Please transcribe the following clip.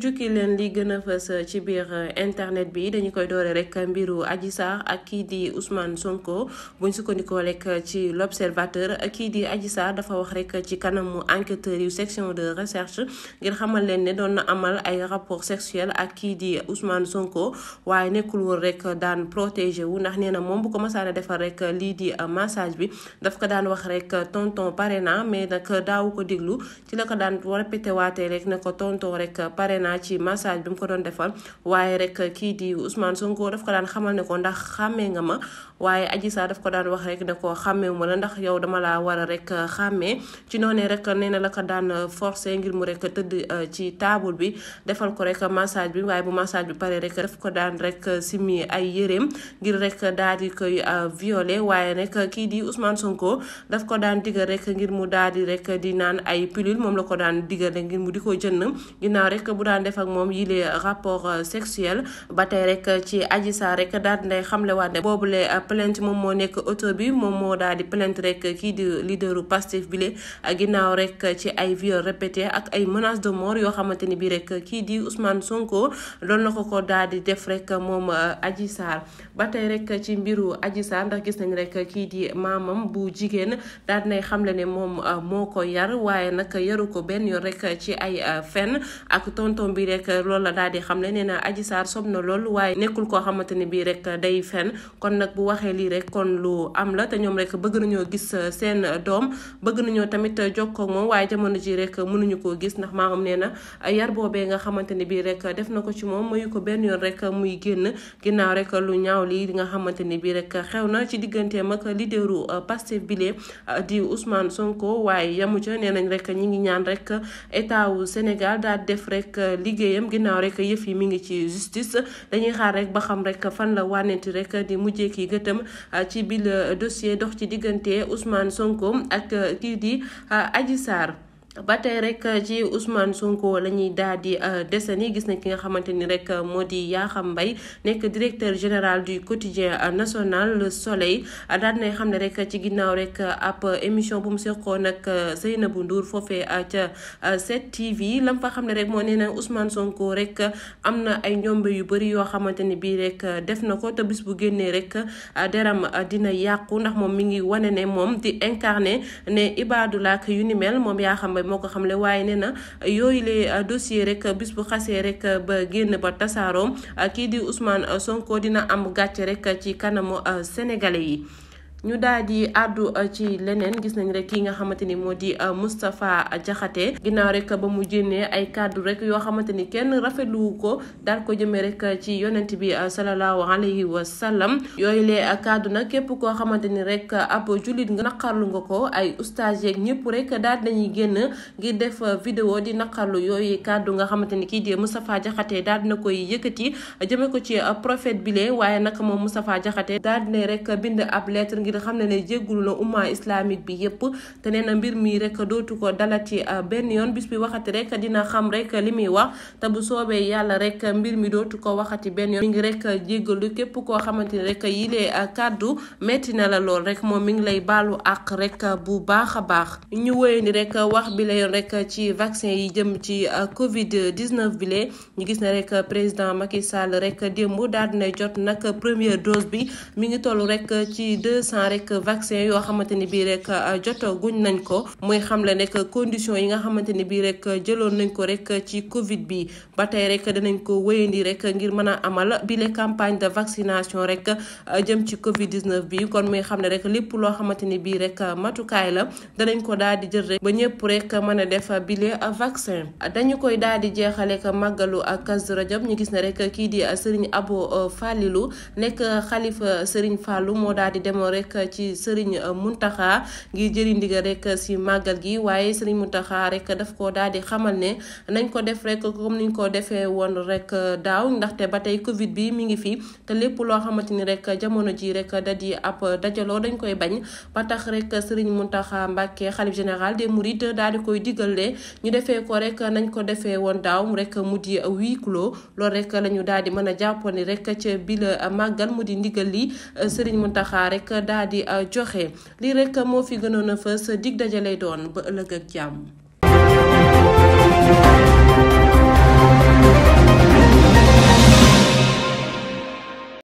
jukki leen li gën a fës euh, ci biir euh, internet bi dañu koy doore rek mbiru Adji Sarr ak kii di Ousmane Sonko buñ sukkandikoo rek euh, ci l'observateur kii di Adji Sarr dafa wax rek ci kanamu enquêteurs yu section de recherche ngir xamal leen ne doon na amal ay rapport sexuel ak kii di osmaan Sonko waaye nekkul woon rek daan protégé wu ndax nee na moom bu ko masaana defar rek lii di massage bi daf ko daan wax rek tonton parena mais nag daawu ko déglu ci la ko daan répété waatee rek ne ko tonton rek parena naa ci massage bi mu ko doon defal waaye rek kii di Ousmane Sonko daf ko daan xamal ne ko ndax xàmmee nga ma waaye Adji Sarr daf ko daan wax rek ne ko xàmmeewu ma ndax yow dama laa war rek xàmmee ci noonee rek nee na la ko daan forcé ngir mu rek tëdd euh, ci table bi defal ko rek massage bi waaye bu massage bi pare rek daf ko daan rek simi ay yéreem ngir rek daal di koy euh, violé waaye rek kii di Ousmane Sonko daf ko daan digal rek ngir mu daal di rek di naan ay pilule moom la ko daan digal ngir mu di ko jënd ginnaaw rek bu daan daan def ak moom yile rapport euh, sexuel ba tey rek euh, ci Adji Sarr rek daal dinay xamle waat boobu lee euh, plainte moom moo nekk auto bi moom moo daal di plainte rek kii di leaderu Pastef bile ginnaaw rek ci ay viol répété ak ay menaces de yoo xamante ni bii rek kii di Ousmane Sonko loolu na ko ko daal di def rek moom aji Sarr ba tey rek ci mbiru aji Sarr ndax gis nañ rek kii di maamam bu jigéen daal dinay xamle ne moom moo ko yar waaye nag yaru ko benn yoon rek ci ay fen ak tonton moom bii rek loolu la daal di xam ne nee na Adji Sarr sob na lool waaye nekkul koo xamante ni rek day fen kon nag bu waxee lii rek kon lu am la te ñoom rek bëgg nañoo gis seen doom bëgg nañoo tamit jokkoo moom waaye jamono ji rek mënuñu koo gis ndax maamam nee na yar boobee nga xamante ni bii rek def na ko ci moom mayu ko benn yoon rek muy génn ginnaaw rek lu ñaaw lii nga xamante ni bii rek xew na ci digganteem ak leaderu Pastef bile di Ousmane Sonko waaye yamu ca nee nañ rek ñi ngi ñaan rek état wu Sénégal daal def rek liggéeyam ginnaaw rek yëf yi mu ngi ci justice dañuy xaar rek ba xam rek fan la wànneti rek di mujjee kii gëtëm ah, ci biir ah, dossier dox ci diggante Ousmane Sonko ak ah, kii di Adji Sarr ba tey rek euh, ci Ousmane Sonko la ñuy daal di euh, desani gis nañ ki nga xamante ni rek euh, moo di yaaxam mbay nekk directeur général du quotidien national Le Soleil daal di xam ne rek ci ginnaaw rek ab émission bu mu seqoon nag bu nduur foofe ca 7TV lam fa xam ne rek moo nee na Ousmane Sonko rek am na ay njombe yu bëri yoo xamante ni bii rek def na ko te bu génnee rek deram dina yàqu ndax moom mi ngi wane ne moom di incarné ne Ibadou Lac yu ni mel moom moo ko xamle waaye nee na yooyu les euh, dossier rek euh, bis bu xasee rek euh, ba génn ba tasaaroo kii di usmaan Sonko dina am gàcc rek ci kanamu sénégalais yi ñu daal di àddu euh, ci leneen gis nañ rek ki nga xamante ni moo di euh, Moustapha Diakhaté ginnaaw rek ba mu génnee ay kàddu rek yoo xamante ni kenn rafetlu ko daal ko jëmee rek euh, ci yonent bi sallallahu alayhi wa sallam yooyu lee kàddu nag képp koo xamante ni rek ab jullit nga naqarlu nga ko ay oustaz ñëpp rek daal dañuy génn ngir def vidéo di naqarlu yooyu kàddu nga xamante ni kii di Moustapha Diakhaté daal dina koy yëkkati jëmee ko ci prophète bile waaye nag moom Moustapha Diakhaté daal dina rek bind ab lettre ngir xam ne ne jéggulu na umma islamique bi yépp te nee na mbir mi rek dootu ko dalati euh, benn yoon bis bi waxati rek dina xam rek li muy wax te bu soobee yàlla rek mbir mi dootu ko waxati benn yoon mi ngi rek jéggalu képp koo xamante ni rek yilee euh, kàddu metti na la lool rek moom mi ngi lay baalu àq rek euh, bu baax a baax ñu woyandi rek wax bi la yoon rek ci vaccin yi jëm ci covid 19 bi lee ñu gis na rek président Macky Sall rek démb daal na jot nag première dose bi cent rek vaccin yoo xamante ni bii rek euh, jotaguñ nañ ko muy xam le nekk condition yi nga xamante ni bii rek jëloon nañ ko rek ci Covid bi ba tey rek danañ ko wéyandi rek ngir mën a amal bile campagne de vaccination rek euh, jëm ci Covid bi kon muy xam ne rek lépp loo xamante ni bii rek matukaay la danañ ko daal di jël rek ba ñëpp rek mën a def bile vaccin dañu koy daal di jeexale ak màggalu ak Kazu Rajab ñu gis na rek kii di sëriñ Abo euh, Falilou nekk xalifa Serigne Fallou rek ci sëriñ euh, Muntaxa ngir jëri ndigal rek si màggal gi waaye sëriñ Muntaxa rek daf ko daal di xamal ne nañ ko def rek comme niñ ko defee woon rek euh, daaw ndaxte ba tey Covid bi mi ngi fi lépp loo xamante ni rek jamono ji rek da di ab dajaloo dañ koy bañ ba tax rek sëriñ Muntaxa Mbàkke xalif général des mourides daal di koy digal ñu defee ko rek nañ ko defee woon daaw rek mu di huis clos loolu rek la ñu di mën a jàppoon ni rek mu di ndigal li euh, sëriñ Muntaxa rek daal daal a euh, joxe lii rek moo fi gënoon a fës dig dajalay doon ba ëllëg ak jàmm.